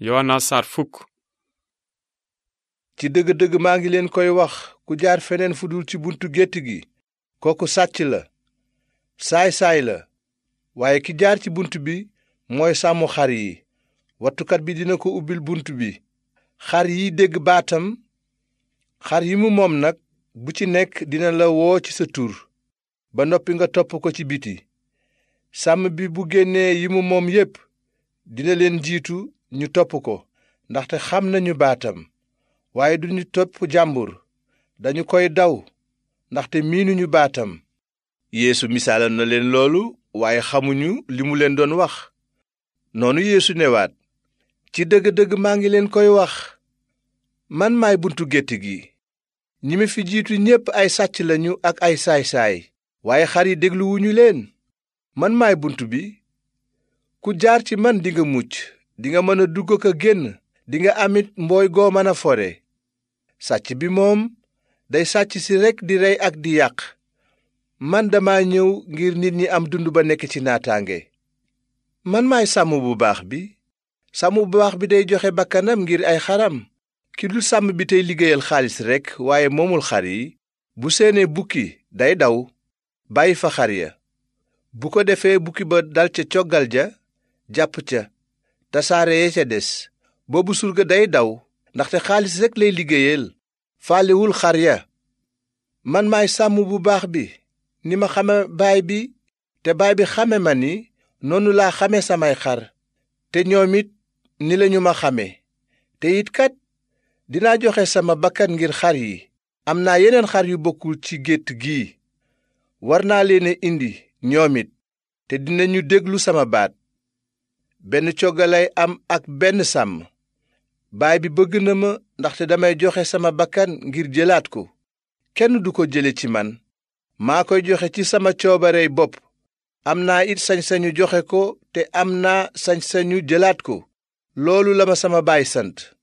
Yowaana fukk ci dëgg-dëgg maa ngi leen koy wax ku jaar feneen fu dul ci buntu gétt gi kooku sàcc la saay-saay la waaye ki jaar ci bunt bi mooy sàmm xar yi wattukat bi dina ko ubbil bunt bi xar yi dégg baatam xar yi mu moom nag bu ci nekk dina la woo ci sa tur ba noppi nga topp ko ci biti sàmm bi bu génnee yi mu moom yépp dina leen jiitu ñu topp ko ndaxte xam nañu baatam waaye duñu topp jàmbur dañu koy daw ndaxte miinuñu baatam yéesu misaaloon na leen loolu waaye xamuñu li mu leen doon wax noonu yéesu newaat ci dëgg-dëgg maa ngi leen koy wax man maay buntu gétt gi ñi ma fi jiitu ñépp ay sàcc lañu ak ay saay-saay waaye xar yi dégluwuñu leen man maay bunt bi ku jaar ci man dinga mucc dinga mën a dugg ko génn dinga amit mbooy goo mën a fore sàcc bi moom day sàcc si rekk di rey ak di yàq man dama ñëw ngir nit ñi am dund ba nekk ci naataange man may sàmm bu baax bi sàmm bu baax bi day joxe bakkanam ngir ay xaram ki du sàmm bi tey liggéeyal xaalis rekk waaye moomul xar yi bu seenee bukki day daw bàyyi fa xar ya bu ko defee bukki ba dal ca coggal ja jàpp ca tasaare ya ca des boobu surga day daw ndaxte xaalis rekk lay liggéeyal faalewul xar ya man maay sàmm bu baax bi ni ma xame baay bi te baay bi xame ma ni noonu laa xame samay xar te ñoom it ni lañu ma xame te it kat dinaa joxe sama bakkan ngir xar yi am naa yeneen xar yu bokkul ci gétt gi war naa leen indi ñoom it te dina ñu déglu sama baat benn coggalay am ak benn sàmm baay bi bëgg na ma ndaxte damay joxe sama bakkan ngir jëlaat ko kenn du ko jële ci man maa koy joxe ci sama coobarey bopp am naa it sañ-sañu joxe ko te am naa sañ-sañu jëlaat ko loolu la ma sama baay sant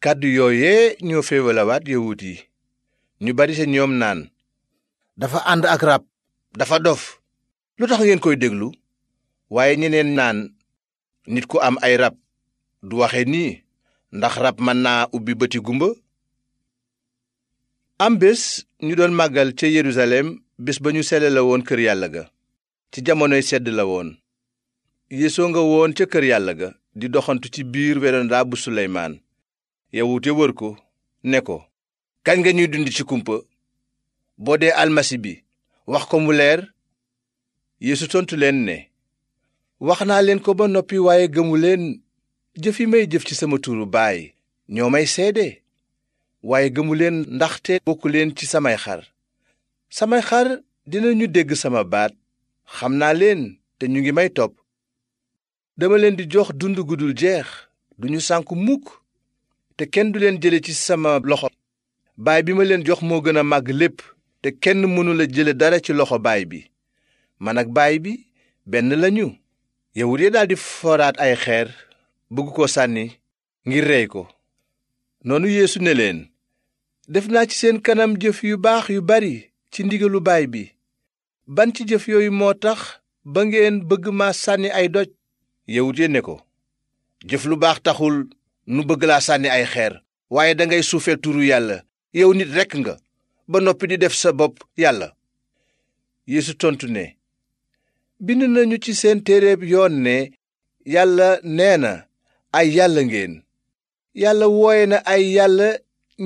kàddu yooyee ñoo féewalawaat yawut yi ñu bari ñoom naan dafa ànd ak rab dafa dof lu tax ngeen koy déglu waaye ñeneen naan nit ku am ay rab du waxe nii ndax rab mën naa ubbi bëti gumba bés ñu doon màggal ca Yerusalem bés ba ñu sele la woon kër yàlla ga ci jamonoy sedd la woon yéesoo nga woon ca kër yàlla ga di doxantu ci biir werandaa bu suleymaan yawut wër ko ne ko kañ nga ñuy dund ci kumpa boo dee almasi bi wax ko mu leer yéesu tontu leen ne wax naa leen ko ba noppi waaye gëmuleen jëf yi may jëf ci sama turu baay ñoo may seede waaye gëmuleen ndaxte leen ci samay xar samay xar dinañu dégg sama baat xam naa leen te ñu ngi may topp dama leen di jox dund gudul jeex duñu sànku mukk te kenn du leen jële ci sama loxo baay bi ma leen jox moo gën a màgg lépp te kenn mënula jële dara ci loxo baay bi man ak baay bi benn lañu yawut ya daldi fooraat ay xeer bëgg ko sànni ngir rey ko noonu yeesu ne leen def naa ci seen kanam jëf yu baax yu bari ci ndigalu baay bi ban ci jëf yooyu moo tax ba ngeen bëgg maa sànni ay doj yawut ya ne ko jëf lu baax taxul nu bëgg laa sànni ay xeer waaye dangay suufeel turu yàlla yow nit rekk nga ba noppi di def sa bopp yàlla yéesu tontu ne bind nañu ci seen téereeb yoon ne yàlla nee na ay yàlla ngeen yàlla wooye na ay yàlla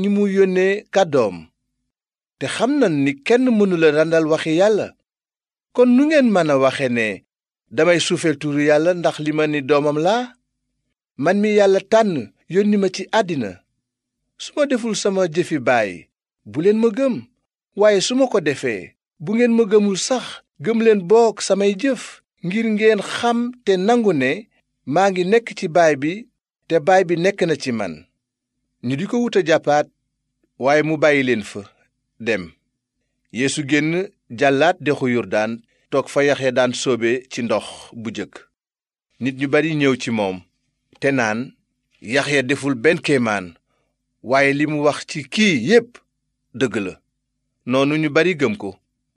ñi mu yónnee kàddoom te xam na ni kenn mënula randal waxi yàlla kon nu ngeen mën a waxe ne damay suufeel turu yàlla ndax li ma ni doomam laa man mi yàlla tànn yónni ma ci àddina su ma deful sama jëfi baay bu leen ma gëm waaye su ma ko defee bu ngeen ma gëmul sax gëm leen boog samay jëf ngir ngeen xam te nangu ne maa ngi nekk ci baay bi te baay bi nekk na ci man ñu di ko wuta jàppaat waaye mu bàyyi leen fa dem yéesu génn jàllaat dexu yurdaan toog fa yaxe daan soobe ci ndox bu jëkk nit ñu bari ñëw ci moom te naan yaxya deful benn kemaan waaye li mu wax ci kii yépp dëgg la noonu ñu bari gëm ko